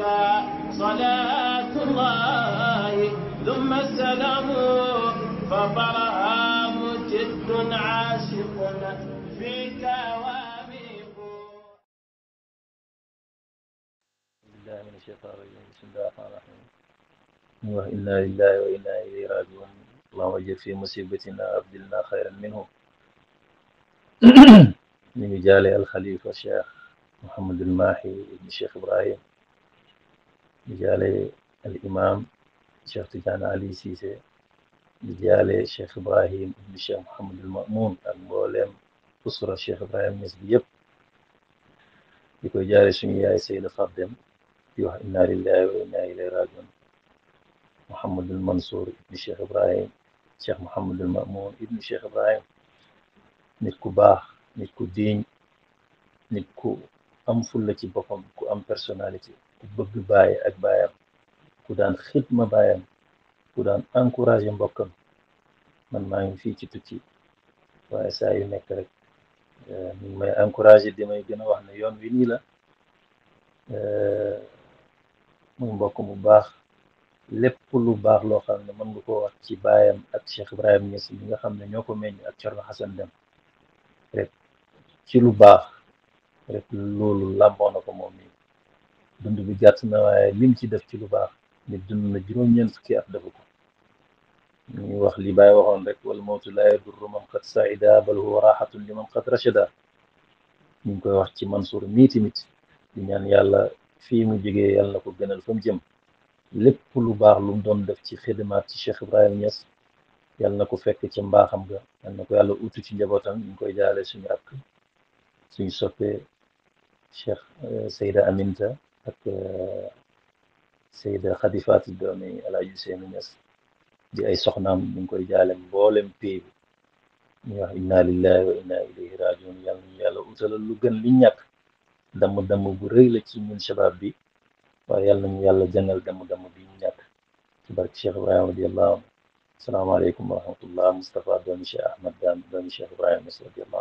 عليك صلاة الله ثم السلام فطرها مجد عاشق فيك واميق بالله من الشيطان الرجيم بسم الله الرحمن الرحيم وإنا لله وإنا إليه راجعون اللهم اجعل في مصيبتنا وأبدلنا خيرا منهم من جالي الخليفة الشيخ محمد الماحي ابن الشيخ إبراهيم di jaale al imam Cheikh Ali Cissé di jaale Ibrahim ibn Cheikh Mouhamadul Mamoun ak usra Cheikh Ibrahim Niass bi yëpp di koy suñu yaay Seyda Fardem di wax inna lillahi wa inna ilayhi rajiun Mouhamadul ibn Cheikh Ibrahim Cheikh Mouhamadul Mamoun ibn Cheikh Ibrahim nit ku baax nit ku diiñ nit ku am fulla ci boppam ku am personnalité bëgg baay ak baayam ku daan xidma baayam ku daan encouragé mbokkam man maa ngi fii ci tukki waaye saa yu nekk rek ñu eh, ngi may encouragé di may gën a wax ne yoon wi nii la eh, muy mbokk mu baax lépp lu baax loo xam ne mën nga ko wax ci baayam ak Cheikh Ibrahim Niass mi nga xam ne ñoo ko meññ ak Thierno Hassane Dème rek ci lu baax rek loolu làmboo na ko moom nii dund bi gàtt na waaye lim ci def ci lu baax nit dund na juróom-ñeent fukki at defu ko ñu wax li Baay waxoon rek wal mawtu laa yadurru man qad saida bal huwa raxatun li man qad rachada ñu ngi koy wax ci Mansour mii tamit di ñaan yàlla fii mu jógee yàlla na ko gënal fa mu jëm lépp lu baax lu mu doon def ci xidmaat ci Cheikh Ibrahim Niass yàlla na ko fekk ci mbaaxam ga yàlla na ko yàlla utu ci njabootam ñu ngi koy jaalee suñu ak suñu soppee Cheikh eh, Seyda Aminta ak euh, Seyda Khady Faty doomi Alaaji Seyni di ay soxnaam ñu ngi koy jaale mboolem bi ñu wax inna lillahi wa inna ilayhi rajiun yàlla ñu yàlla utalal lu gën li ñàkk damm-damm ci ñun shabab bi waaye yàlla nañu yàlla jëngal damm-damm bi ñu ñàkk ci barke Cheikh wa rahmatullah Moustapha doomi Cheikh Ahmad daan doomi